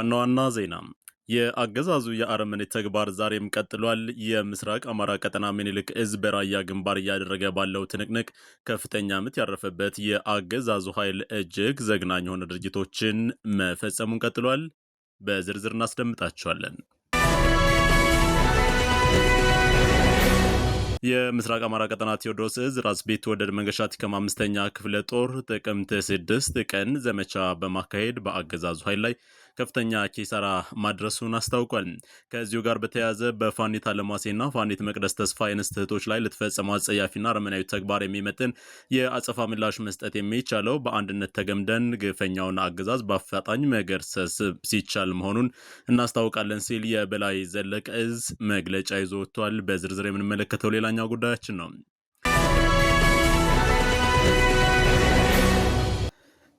ዋና ዋና ዜና የአገዛዙ የአረመኔ ተግባር ዛሬም ቀጥሏል። የምስራቅ አማራ ቀጠና ምኒልክ እዝ በራያ ግንባር እያደረገ ባለው ትንቅንቅ ከፍተኛ ምት ያረፈበት የአገዛዙ ኃይል እጅግ ዘግናኝ የሆነ ድርጊቶችን መፈጸሙን ቀጥሏል። በዝርዝር እናስደምጣቸዋለን። የምስራቅ አማራ ቀጠና ቴዎድሮስ እዝ ራስ ወደድ መንገሻ ቲከም አምስተኛ ክፍለ ጦር ጥቅምት ስድስት ቀን ዘመቻ በማካሄድ በአገዛዙ ኃይል ላይ ከፍተኛ ኪሳራ ማድረሱን አስታውቋል። ከዚሁ ጋር በተያያዘ በፋኒት አለማሴና ፋኒት መቅደስ ተስፋ የንስት እህቶች ላይ ለተፈጸመው አጸያፊና አረመናዊ ተግባር የሚመጥን የአጸፋ ምላሽ መስጠት የሚቻለው በአንድነት ተገምደን ግፈኛውን አገዛዝ በአፋጣኝ መገርሰስ ሲቻል መሆኑን እናስታውቃለን ሲል የበላይ ዘለቀ እዝ መግለጫ ይዞ ወጥቷል። በዝርዝር የምንመለከተው ሌላኛው ጉዳያችን ነው።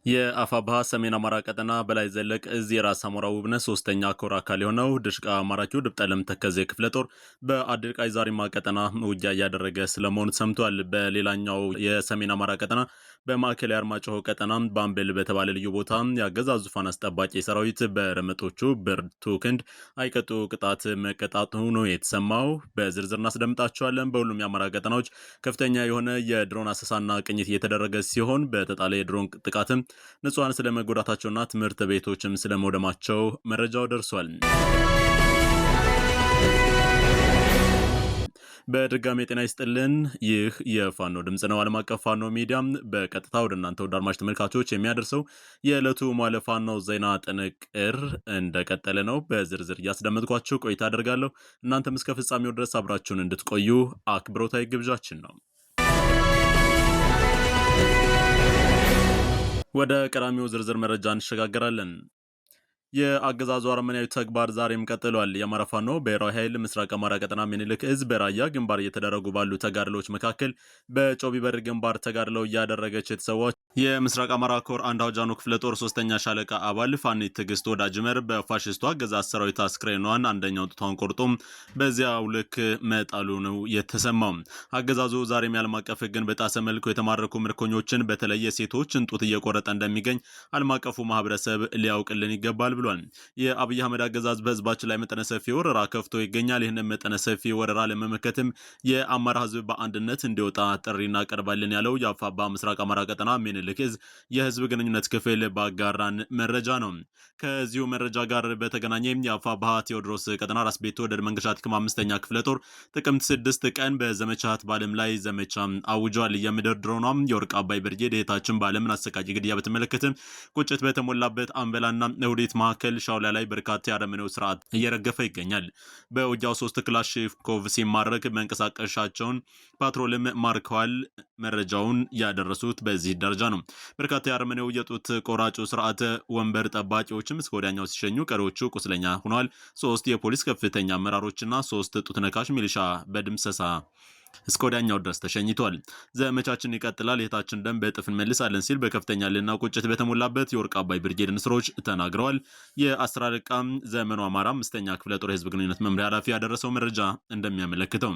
የአፋብሃ ሰሜን አማራ ቀጠና በላይ ዘለቅ እዚ የራስ አሞራ ውብነ ሶስተኛ ኮር አካል የሆነው ድሽቃ አማራኪው ድብጠለም ተከዜ ክፍለ ጦር በአድርቃይ ዛሪማ ቀጠና ውጊያ እያደረገ ስለመሆኑ ሰምቷል። በሌላኛው የሰሜን አማራ ቀጠና በማዕከላዊ አርማጭሆ ቀጠና ባምቤል በተባለ ልዩ ቦታ የአገዛዝ ዙፋን አስጠባቂ ሰራዊት በረመጦቹ ብርቱ ክንድ አይቀጡ ቅጣት መቀጣቱ ነው የተሰማው። በዝርዝር እናስደምጣቸዋለን። በሁሉም የአማራ ቀጠናዎች ከፍተኛ የሆነ የድሮን አሰሳና ቅኝት እየተደረገ ሲሆን በተጣለ የድሮን ጥቃትም ንጹሐን ስለመጎዳታቸውና ትምህርት ቤቶችም ስለመውደማቸው መረጃው ደርሷል። በድጋሚ ጤና ይስጥልን። ይህ የፋኖ ድምፅ ነው። ዓለም አቀፍ ፋኖ ሚዲያም በቀጥታ ወደ እናንተ ወደ አድማጭ ተመልካቾች የሚያደርሰው የዕለቱ ማለ ፋኖ ዜና ጥንቅር እንደቀጠለ ነው። በዝርዝር እያስደመጥኳችሁ ቆይታ አደርጋለሁ። እናንተም እስከ ፍጻሜው ድረስ አብራችሁን እንድትቆዩ አክብሮታዊ ግብዣችን ነው። ወደ ቀዳሚው ዝርዝር መረጃ እንሸጋገራለን። የአገዛዙ አረመኔያዊ ተግባር ዛሬም ቀጥሏል። የአማራ ፋኖ ብሔራዊ ኃይል ምስራቅ አማራ ቀጠና ምኒልክ እዝ በራያ ግንባር እየተደረጉ ባሉ ተጋድሎች መካከል በጮቢበር ግንባር ተጋድለው እያደረገች የተሰዋች የምስራቅ አማራ ኮር አንድ አውጃኖ ክፍለ ጦር ሶስተኛ ሻለቃ አባል ፋኒት ትዕግስት ወዳጅመር በፋሽስቱ አገዛዝ ሰራዊት አስክሬኗን አንደኛው ጡቷን ቆርጦ በዚያው ልክ መጣሉ ነው የተሰማው። አገዛዙ ዛሬም የዓለም አቀፍ ሕግን በጣሰ መልኩ የተማረኩ ምርኮኞችን በተለየ ሴቶች እንጡት እየቆረጠ እንደሚገኝ ዓለም አቀፉ ማህበረሰብ ሊያውቅልን ይገባል ብሏል። የአብይ አህመድ አገዛዝ በህዝባችን ላይ መጠነ ሰፊ ወረራ ከፍቶ ይገኛል። ይህንም መጠነ ሰፊ ወረራ ለመመከትም የአማራ ህዝብ በአንድነት እንዲወጣ ጥሪ እናቀርባለን ያለው የአፋባ ምስራቅ አማራ ቀጠና ሚን ምኒልክ እዝ የህዝብ ግንኙነት ክፍል ባጋራን መረጃ ነው። ከዚሁ መረጃ ጋር በተገናኘ የአፋ ባህ ቴዎድሮስ ቀጠና ራስ ቤት ወደድ መንገሻ ጥቅም አምስተኛ ክፍለ ጦር ጥቅምት ስድስት ቀን በዘመቻ በዓለም ላይ ዘመቻ አውጇል። የምድር ድሮኗም የወርቅ አባይ ብርጌድ የታችን በዓለምን አሰቃቂ ግድያ በተመለከተ ቁጭት በተሞላበት አንበላና እሁዴት መካከል ሻውላ ላይ በርካታ የአረመኔው ስርዓት እየረገፈ ይገኛል። በውጊያው ሶስት ክላሽንኮቭ ሲማረክ መንቀሳቀሻቸውን ፓትሮልም ማርከዋል። መረጃውን ያደረሱት በዚህ ደረጃ ነው። ነው። በርካታ የአርመኔው የጡት ቆራጩ ስርዓተ ወንበር ጠባቂዎችም እስከ ወዲያኛው ሲሸኙ፣ ቀሪዎቹ ቁስለኛ ሆነዋል። ሶስት የፖሊስ ከፍተኛ አመራሮችና ሶስት ጡት ነካሽ ሚሊሻ በድምሰሳ እስከ ወዲያኛው ድረስ ተሸኝቷል። ዘመቻችን ይቀጥላል፣ የታችን ደም በእጥፍ እንመልሳለን ሲል በከፍተኛ ልና ቁጭት በተሞላበት የወርቅ አባይ ብርጌድ ንስሮች ተናግረዋል። የአስራ ደቃም ዘመኑ አማራ አምስተኛ ክፍለ ጦር የህዝብ ግንኙነት መምሪያ ኃላፊ ያደረሰው መረጃ እንደሚያመለክተው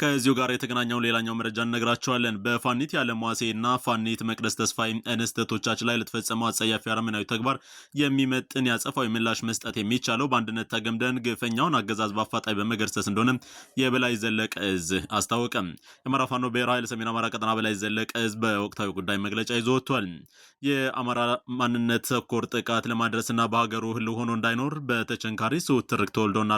ከዚሁ ጋር የተገናኘውን ሌላኛው መረጃ እነግራቸዋለን። በፋኒት ያለሟሴ እና ፋኒት መቅደስ ተስፋይ እንስተቶቻችን ላይ ለተፈጸመው አጸያፊ አረመናዊ ተግባር የሚመጥን ያጸፋዊ ምላሽ መስጠት የሚቻለው በአንድነት ተገምደን ግፈኛውን አገዛዝ በአፋጣኝ በመገርሰስ እንደሆነ የበላይ ዘለቀ እዝ አስታወቀም። የአማራ ፋኖ ብሔራዊ ኃይል ሰሜን አማራ ቀጠና በላይ ዘለቀ እዝ በወቅታዊ ጉዳይ መግለጫ ይዞ ወጥቷል። የአማራ ማንነት ተኮር ጥቃት ለማድረስና በሀገሩ ህል ሆኖ እንዳይኖር በተቸንካሪ ስውት ተወልዶና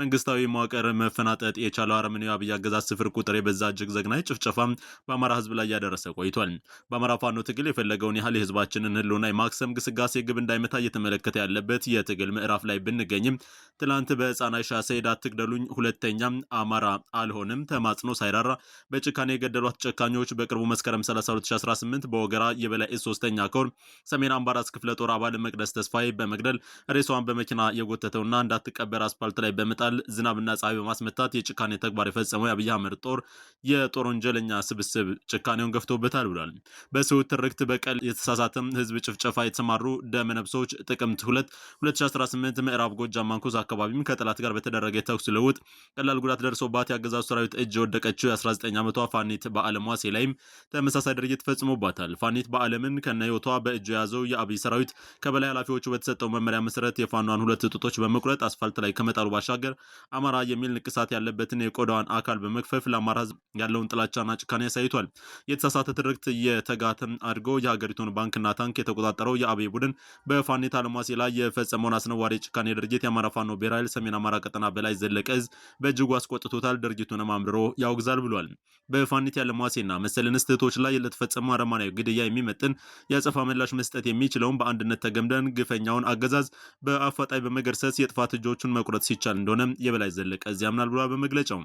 መንግስታዊ መዋቅር መፈናጠጥ የቻለው አረመኔው አብይ አገዛዝ ስፍር ቁጥር የበዛ እጅግ ዘግናኝ ጭፍጨፋ በአማራ ህዝብ ላይ ያደረሰ ቆይቷል። በአማራ ፋኖ ትግል የፈለገውን ያህል የህዝባችንን ህልውና የማክሰም ግስጋሴ ግብ እንዳይመታ እየተመለከተ ያለበት የትግል ምዕራፍ ላይ ብንገኝም ትላንት በህፃናት ሻሰይድ አትግደሉኝ ሁለተኛ አማራ አልሆንም ተማጽኖ ሳይራራ በጭካኔ የገደሏት ጨካኞች በቅርቡ መስከረም 30 2018 በወገራ የበላይ ሶስተኛ ኮር ሰሜን አምባራስ ክፍለ ጦር አባል መቅደስ ተስፋዬ በመግደል ሬሷን በመኪና የጎተተውና እንዳትቀበር አስፓልት ላይ በመጣል ዝናብና ፀሐይ በማስመታት የጭካኔ ተግባር የፈጸመው የአብይ አህመድ ጦር የጦር ወንጀለኛ ስብስብ ጭካኔውን ገፍቶበታል ብሏል። በስሁት ትርክት በቀል የተሳሳተም ህዝብ ጭፍጨፋ የተሰማሩ ደመነብሶች ጥቅምት 2 2018 ምዕራብ ጎጃም ማንኮስ አካባቢም ከጠላት ጋር በተደረገ የተኩስ ልውውጥ ቀላል ጉዳት ደርሶባት የአገዛዙ ሰራዊት እጅ የወደቀችው የ19 ዓመቷ ፋኒት በአለም ዋሴ ላይም ተመሳሳይ ድርጊት ፈጽሞባታል። ፋኒት በአለምን ከነ ህይወቷ በእጁ የያዘው የአብይ ሰራዊት ከበላይ ኃላፊዎቹ በተሰጠው መመሪያ መሰረት የፋኗን ሁለት ጡቶች በመቁረጥ አስፋልት ላይ ከመጣሉ ባሻገር አማራ የሚል ንቅሳት ያለበትን የቆዳዋን አካል በመክፈፍ ለአማራ ህዝብ ያለውን ጥላቻና ጭካኔ አሳይቷል። የተሳሳተ ትርክት የተጋትን አድርጎ የሀገሪቱን ባንክና ታንክ የተቆጣጠረው የአብይ ቡድን በፋኒ አለማሴ ላይ የፈጸመውን አስነዋሪ ጭካኔ ድርጊት የአማራ ፋኖ ብሔራዊ ሰሜን አማራ ቀጠና በላይ ዘለቀ እዝ በእጅጉ አስቆጥቶታል። ድርጊቱንም አምርሮ ያወግዛል ብሏል። በፋኔታ አለማሴና መሰልን ንስትቶች ላይ ለተፈጸመው አረማናዊ ግድያ የሚመጥን የአጸፋ ምላሽ መስጠት የሚችለውን በአንድነት ተገምደን ግፈኛውን አገዛዝ በአፋጣኝ በመገርሰስ የጥፋት እጆቹን መቁረጥ ሲቻል እንደሆነ የበላይ ዘለቀ እዝ ያምናል ብሏል በመግለጫው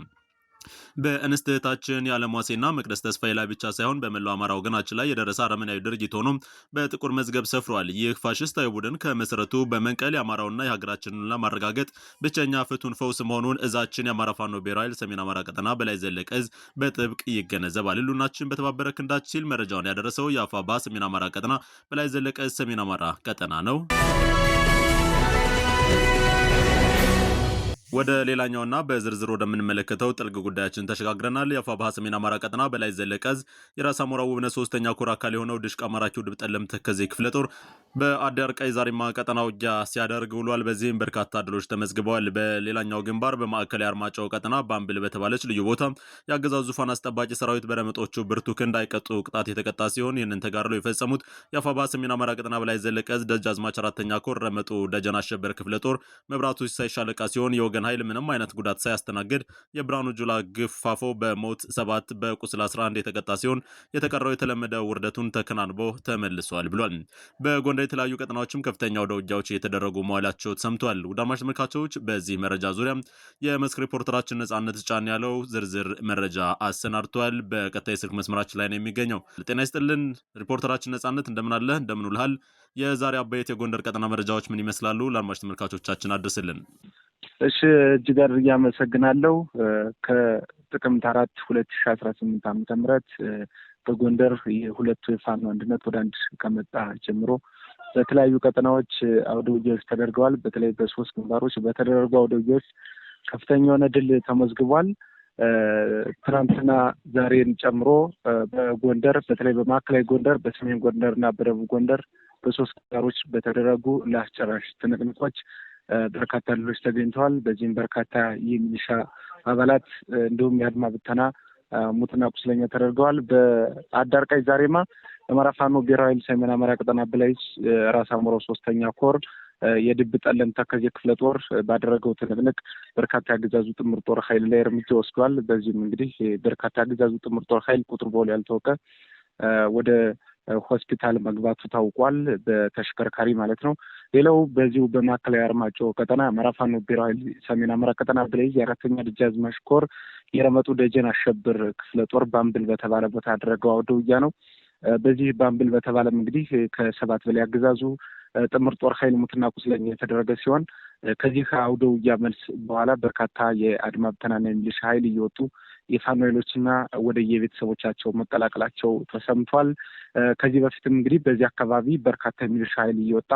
በእንስት እህታችን የዓለም ዋሴና መቅደስ ተስፋዬ ላይ ብቻ ሳይሆን በመላው አማራ ወገናችን ላይ የደረሰ አረመናዊ ድርጊት ሆኖ በጥቁር መዝገብ ሰፍሯል። ይህ ፋሽስታዊ ቡድን ከመሰረቱ በመንቀል የአማራውና የሀገራችንን ለማረጋገጥ ብቸኛ ፍቱን ፈውስ መሆኑን እዛችን የአማራ ፋኖ ብሔራዊ ኃይል ሰሜን አማራ ቀጠና በላይ ዘለቀ እዝ በጥብቅ ይገነዘባል። ሉናችን በተባበረ ክንዳች ሲል መረጃውን ያደረሰው የአፋባ ሰሜን አማራ ቀጠና በላይ ዘለቀ እዝ ሰሜን አማራ ቀጠና ነው። ወደ ሌላኛውና በዝርዝር ወደምንመለከተው ጥልቅ ጉዳያችን ተሸጋግረናል። የአፋብሃ ሰሜን አማራ ቀጠና በላይ ዘለቀዝ የራስ አሞራ ውብነት ሶስተኛ ኮር አካል የሆነው ድሽቅ አማራኪው ድብ ጠለምት ተከዜ ክፍለ ጦር በአዳር ቀይ ዛሬማ ቀጠና ውጊያ ሲያደርግ ውሏል። በዚህም በርካታ ድሎች ተመዝግበዋል። በሌላኛው ግንባር በማዕከል የአርማጫው ቀጠና ባምብል በተባለች ልዩ ቦታ የአገዛዙ ዙፋን አስጠባቂ ሰራዊት በረመጦቹ ብርቱ ክንድ አይቀጡ ቅጣት የተቀጣ ሲሆን ይህንን ተጋድሎ የፈጸሙት የአፋብሃ ሰሜን አማራ ቀጠና በላይ ዘለቀዝ ደጃዝማች አራተኛ ኮር ረመጡ ደጀን አሸበር ክፍለ ጦር መብራቱ ሲሳይ ሻለቃ ሲሆን የወገ የወገን ኃይል ምንም አይነት ጉዳት ሳያስተናግድ የብርሃኑ ጁላ ግፋፎ በሞት ሰባት በቁስል 11 የተቀጣ ሲሆን የተቀረው የተለመደ ውርደቱን ተከናንቦ ተመልሷል ብሏል። በጎንደር የተለያዩ ቀጠናዎችም ከፍተኛ ወደ ውጊያዎች እየተደረጉ መዋላቸው ሰምቷል። ውዳማሽ ተመልካቾች በዚህ መረጃ ዙሪያ የመስክ ሪፖርተራችን ነጻነት ጫን ያለው ዝርዝር መረጃ አሰናድቷል። በቀጣይ ስልክ መስመራችን ላይ ነው የሚገኘው። ጤና ይስጥልን ሪፖርተራችን ነጻነት እንደምን ውልሃል? የዛሬ አበይት የጎንደር ቀጠና መረጃዎች ምን ይመስላሉ? ለአድማጭ ተመልካቾቻችን አድርስልን። እሺ እጅግ አድርጌ አመሰግናለሁ። ከጥቅምት አራት ሁለት ሺ አስራ ስምንት ዓመተ ምህረት በጎንደር የሁለቱ የፋኖ አንድነት ወደ አንድ ከመጣ ጀምሮ በተለያዩ ቀጠናዎች አውደ ውጊያዎች ተደርገዋል። በተለይ በሶስት ግንባሮች በተደረጉ አውደ ውጊያዎች ከፍተኛ የሆነ ድል ተመዝግቧል። ትናንትና ዛሬን ጨምሮ በጎንደር በተለይ በማዕከላዊ ጎንደር፣ በሰሜን ጎንደር እና በደቡብ ጎንደር በሶስት ግንባሮች በተደረጉ ለአስጨራሽ ትንቅንቆች በርካታ ልጆች ተገኝተዋል። በዚህም በርካታ የሚሊሻ አባላት እንዲሁም የአድማ ብተና ሙትና ቁስለኛ ተደርገዋል። በአዳርቃይ ዛሬማ የአማራ ፋኖ ብሔራዊ ኃይል ሰሜን አማራ ቀጠና ብላይች ራስ አምሮ ሶስተኛ ኮር የድብ ጠለም ተከዜ ክፍለ ጦር ባደረገው ትንቅንቅ በርካታ ግዛዙ ጥምር ጦር ኃይል ላይ እርምጃ ወስዷል። በዚህም እንግዲህ በርካታ የአገዛዙ ጥምር ጦር ኃይል ቁጥር በውል ያልታወቀ ወደ ሆስፒታል መግባቱ ታውቋል። በተሽከርካሪ ማለት ነው። ሌላው በዚሁ በማዕከላዊ አርማጮ ቀጠና አማራ ፋኖ ብሔራዊ ሰሜን አማራ ቀጠና ብለይዝ የአራተኛ ደጃዝማች ኮር የረመጡ ደጀን አሸብር ክፍለ ጦር ባምብል በተባለ ቦታ ያደረገው አውደ ውጊያ ነው። በዚህ ባምብል በተባለም እንግዲህ ከሰባት በላይ አገዛዙ ጥምር ጦር ኃይል ሙትና ቁስለኛ የተደረገ ሲሆን ከዚህ ከአውደ ውጊያ መልስ በኋላ በርካታ የአድማ ብተናና የሚሊሻ ኃይል እየወጡ የፋኖ ኃይሎችና ወደ የቤተሰቦቻቸው መቀላቀላቸው ተሰምቷል። ከዚህ በፊትም እንግዲህ በዚህ አካባቢ በርካታ የሚሊሻ ኃይል እየወጣ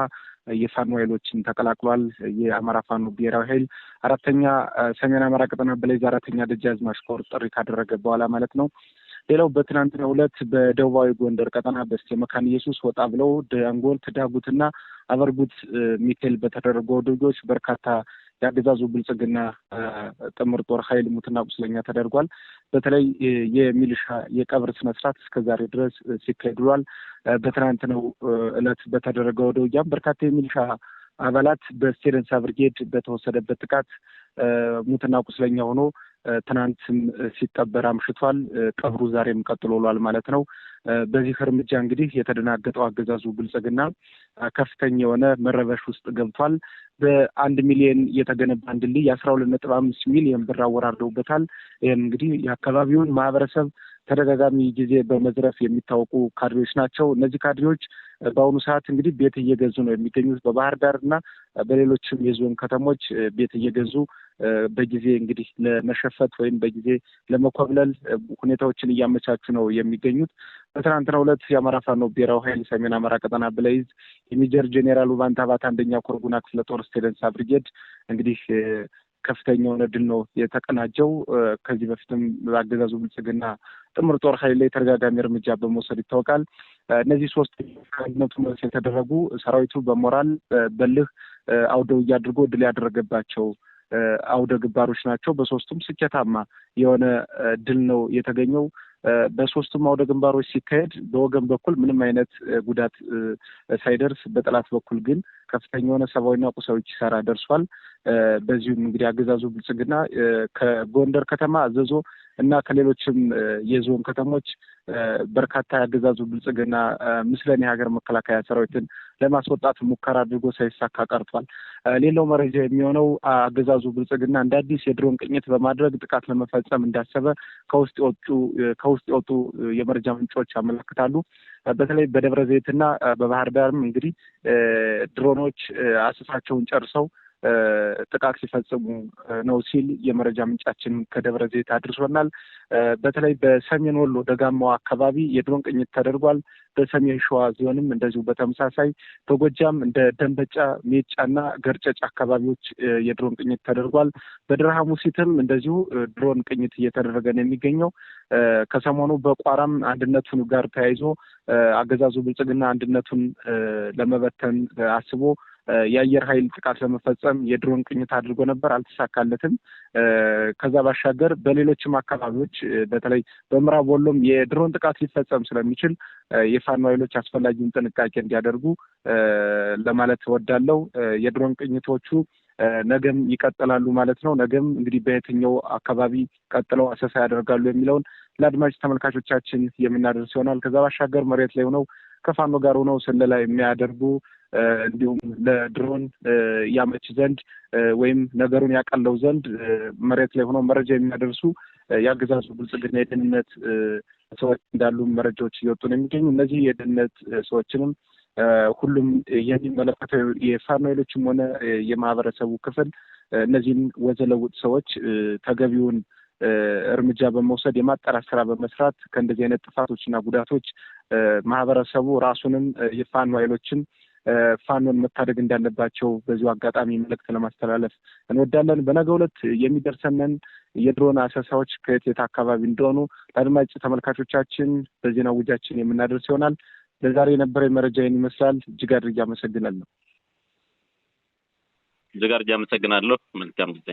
የፋኖ ኃይሎችን ተቀላቅሏል። የአማራ ፋኖ ብሔራዊ ኃይል አራተኛ ሰሜን አማራ ቀጠና በላይ አራተኛ ደጃዝማች ኮር ጥሪ ካደረገ በኋላ ማለት ነው። ሌላው በትናንትና ሁለት በደቡባዊ ጎንደር ቀጠና በስቴ መካን ኢየሱስ ወጣ ብለው ደንጎል፣ ትዳጉትና አበርጉት ሚካኤል በተደረጉ ድርጊቶች በርካታ የአገዛዙ ብልጽግና ጥምር ጦር ኃይል ሙትና ቁስለኛ ተደርጓል። በተለይ የሚሊሻ የቀብር ስነስርዓት እስከዛሬ ድረስ ሲካሄድ ውሏል። በትናንትናው ዕለት ወደ ውጊያም በርካታ የሚሊሻ አባላት በስቴደንሳ ብርጌድ በተወሰደበት ጥቃት ሙትና ቁስለኛ ሆኖ ትናንትም ሲጠበር አምሽቷል። ቀብሩ ዛሬም ቀጥሎሏል ማለት ነው። በዚህ እርምጃ እንግዲህ የተደናገጠው አገዛዙ ብልጽግና ከፍተኛ የሆነ መረበሽ ውስጥ ገብቷል። በአንድ ሚሊዮን የተገነባ አንድ ድልድይ የአስራ ሁለት ነጥብ አምስት ሚሊዮን ብር አወራርደውበታል። ይህም እንግዲህ የአካባቢውን ማህበረሰብ ተደጋጋሚ ጊዜ በመዝረፍ የሚታወቁ ካድሬዎች ናቸው። እነዚህ ካድሬዎች በአሁኑ ሰዓት እንግዲህ ቤት እየገዙ ነው የሚገኙት። በባህር ዳር እና በሌሎችም የዞን ከተሞች ቤት እየገዙ በጊዜ እንግዲህ ለመሸፈት ወይም በጊዜ ለመኮብለል ሁኔታዎችን እያመቻቹ ነው የሚገኙት። በትናንትናው ዕለት የአማራ ፋኖ ብሔራዊ ኃይል ሰሜን አማራ ቀጠና ብለይዝ የሜጀር ጄኔራል ውባንታ ባት አንደኛ ኮርጉና ክፍለ ጦር ስቴደንሳ ብርጌድ እንግዲህ ከፍተኛ የሆነ ድል ነው የተቀናጀው። ከዚህ በፊትም አገዛዙ ብልጽግና ጥምር ጦር ኃይል ላይ ተደጋጋሚ እርምጃ በመውሰድ ይታወቃል። እነዚህ ሶስት ጦርነቱ መልስ የተደረጉ ሰራዊቱ በሞራል በልህ አውደውያ አድርጎ ድል ያደረገባቸው አውደ ግባሮች ናቸው። በሶስቱም ስኬታማ የሆነ ድል ነው የተገኘው። በሶስቱም አውደ ግንባሮች ሲካሄድ በወገን በኩል ምንም አይነት ጉዳት ሳይደርስ በጠላት በኩል ግን ከፍተኛ የሆነ ሰብአዊና ቁሳዊ ኪሳራ ደርሷል። በዚሁም እንግዲህ አገዛዙ ብልጽግና ከጎንደር ከተማ አዘዞ እና ከሌሎችም የዞን ከተሞች በርካታ የአገዛዙ ብልጽግና ምስለን የሀገር መከላከያ ሰራዊትን ለማስወጣት ሙከራ አድርጎ ሳይሳካ ቀርቷል። ሌላው መረጃ የሚሆነው አገዛዙ ብልጽግና እንደ አዲስ የድሮን ቅኝት በማድረግ ጥቃት ለመፈጸም እንዳሰበ ከውስጥ የወጡ ከውስጥ የወጡ የመረጃ ምንጮች ያመለክታሉ። በተለይ በደብረ ዘይትና በባህር ዳርም እንግዲህ ድሮኖች አስሳቸውን ጨርሰው ጥቃት ሲፈጽሙ ነው ሲል የመረጃ ምንጫችን ከደብረ ዘይት አድርሶናል። በተለይ በሰሜን ወሎ ደጋማው አካባቢ የድሮን ቅኝት ተደርጓል። በሰሜን ሸዋ ዞንም እንደዚሁ በተመሳሳይ በጎጃም እንደ ደንበጫ፣ ሜጫና ገርጨጫ አካባቢዎች የድሮን ቅኝት ተደርጓል። በድርሃሙሲትም እንደዚሁ ድሮን ቅኝት እየተደረገ ነው የሚገኘው። ከሰሞኑ በቋራም አንድነቱን ጋር ተያይዞ አገዛዙ ብልጽግና አንድነቱን ለመበተን አስቦ የአየር ኃይል ጥቃት ለመፈጸም የድሮን ቅኝት አድርጎ ነበር፣ አልተሳካለትም። ከዛ ባሻገር በሌሎችም አካባቢዎች በተለይ በምዕራብ ወሎም የድሮን ጥቃት ሊፈጸም ስለሚችል የፋኖ ኃይሎች አስፈላጊውን ጥንቃቄ እንዲያደርጉ ለማለት እወዳለሁ። የድሮን ቅኝቶቹ ነገም ይቀጥላሉ ማለት ነው። ነገም እንግዲህ በየትኛው አካባቢ ቀጥለው አሰሳ ያደርጋሉ የሚለውን ለአድማጭ ተመልካቾቻችን የምናደርስ ይሆናል። ከዛ ባሻገር መሬት ላይ ሆነው ከፋኖ ጋር ሆነው ስለላ የሚያደርጉ እንዲሁም ለድሮን ያመች ዘንድ ወይም ነገሩን ያቀለው ዘንድ መሬት ላይ ሆነው መረጃ የሚያደርሱ የአገዛዙ ብልጽግና የደህንነት ሰዎች እንዳሉ መረጃዎች እየወጡ ነው የሚገኙ። እነዚህ የደህንነት ሰዎችንም ሁሉም የሚመለከተው የፋኖ ኃይሎችም ሆነ የማህበረሰቡ ክፍል እነዚህን ወዘለውጥ ሰዎች ተገቢውን እርምጃ በመውሰድ የማጣራት ስራ በመስራት ከእንደዚህ አይነት ጥፋቶች እና ጉዳቶች ማህበረሰቡ ራሱንም የፋኖ ኃይሎችን ፋኖን መታደግ እንዳለባቸው በዚሁ አጋጣሚ መልእክት ለማስተላለፍ እንወዳለን። በነገ ሁለት የሚደርሰንን የድሮን አሰሳዎች ከየት የት አካባቢ እንደሆኑ ለአድማጭ ተመልካቾቻችን በዜና ውጃችን የምናደርስ ይሆናል። ለዛሬ የነበረ መረጃ ይህን ይመስላል። እጅግ አድርጌ አመሰግናለሁ። እጅግ አድርጌ አመሰግናለሁ። መልካም ጊዜ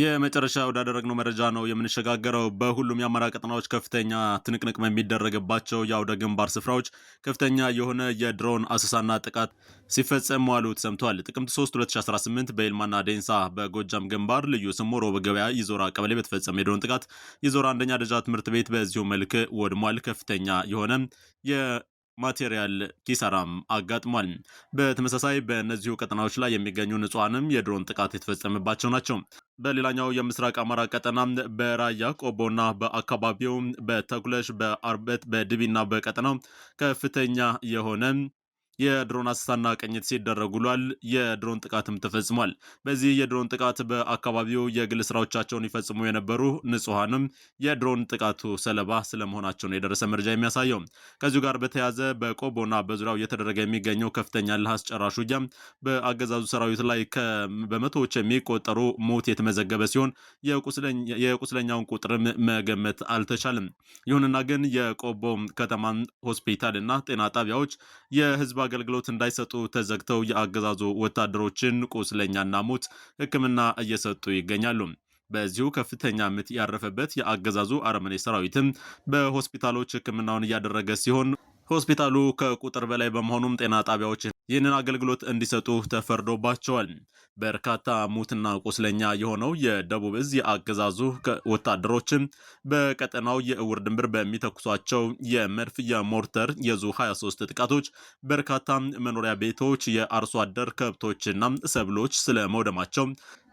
የመጨረሻ ወዳደረግነው መረጃ ነው የምንሸጋገረው። በሁሉም የአማራ ቀጠናዎች ከፍተኛ ትንቅንቅ የሚደረግባቸው የአውደ ግንባር ስፍራዎች ከፍተኛ የሆነ የድሮን አሰሳና ጥቃት ሲፈጸም ዋሉ ተሰምተዋል። ጥቅምት 3 2018 በኤልማና ዴንሳ በጎጃም ግንባር ልዩ ስሙ ሮብ ገበያ ይዞራ ቀበሌ በተፈጸመ የድሮን ጥቃት ይዞራ አንደኛ ደረጃ ትምህርት ቤት በዚሁ መልክ ወድሟል። ከፍተኛ የሆነ ማቴሪያል ኪሳራም አጋጥሟል። በተመሳሳይ በእነዚሁ ቀጠናዎች ላይ የሚገኙ ንጹሐንም የድሮን ጥቃት የተፈጸመባቸው ናቸው። በሌላኛው የምስራቅ አማራ ቀጠና በራያ ቆቦና በአካባቢው በተኩለሽ፣ በአርበት፣ በድቢና በቀጠናው ከፍተኛ የሆነ የድሮን አስሳና ቅኝት ሲደረግ ውሏል። የድሮን ጥቃትም ተፈጽሟል። በዚህ የድሮን ጥቃት በአካባቢው የግል ስራዎቻቸውን ይፈጽሙ የነበሩ ንጹሐንም የድሮን ጥቃቱ ሰለባ ስለመሆናቸው ነው የደረሰ መረጃ የሚያሳየው። ከዚሁ ጋር በተያያዘ በቆቦና በዙሪያው እየተደረገ የሚገኘው ከፍተኛ እልህ አስጨራሽ ውጊያ በአገዛዙ ሰራዊት ላይ በመቶዎች የሚቆጠሩ ሞት የተመዘገበ ሲሆን የቁስለኛውን ቁጥርም መገመት አልተቻለም። ይሁንና ግን የቆቦ ከተማን ሆስፒታል እና ጤና ጣቢያዎች የህዝባ አገልግሎት እንዳይሰጡ ተዘግተው የአገዛዙ ወታደሮችን ቁስለኛና ሙት ሕክምና እየሰጡ ይገኛሉ። በዚሁ ከፍተኛ ምት ያረፈበት የአገዛዙ አረመኔ ሰራዊትም በሆስፒታሎች ሕክምናውን እያደረገ ሲሆን ሆስፒታሉ ከቁጥር በላይ በመሆኑም ጤና ጣቢያዎች ይህንን አገልግሎት እንዲሰጡ ተፈርዶባቸዋል። በርካታ ሙትና ቁስለኛ የሆነው የደቡብ እዝ የአገዛዙ ወታደሮችም በቀጠናው የእውር ድንብር በሚተኩሷቸው የመድፍ የሞርተር የዙ 23 ጥቃቶች በርካታ መኖሪያ ቤቶች፣ የአርሶ አደር ከብቶችና ሰብሎች ስለመውደማቸው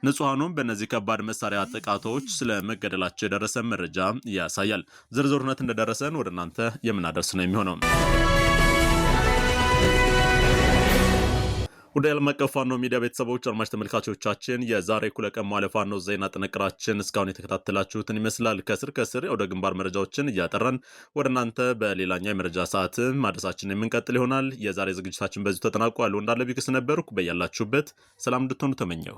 ንጹሐኑም በእነዚህ ከባድ መሳሪያ ጥቃቶች ስለመገደላቸው የደረሰ መረጃ ያሳያል። ዝርዝርነት እንደደረሰን ወደ እናንተ የምናደርስ ነው የሚሆነው። ወደ ዓለም አቀፍ ፋኖ ሚዲያ ቤተሰቦች አድማጭ ተመልካቾቻችን የዛሬ ኩለቀን ማለ ፋኖ ዜና ጥንቅራችን እስካሁን የተከታተላችሁትን ይመስላል። ከስር ከስር ወደ ግንባር መረጃዎችን እያጠረን ወደ እናንተ በሌላኛው የመረጃ ሰዓት ማድረሳችን የምንቀጥል ይሆናል። የዛሬ ዝግጅታችን በዚሁ ተጠናቋል። እንዳለ ቢክስ ነበርኩ። በያላችሁበት ሰላም እንድትሆኑ ተመኘሁ።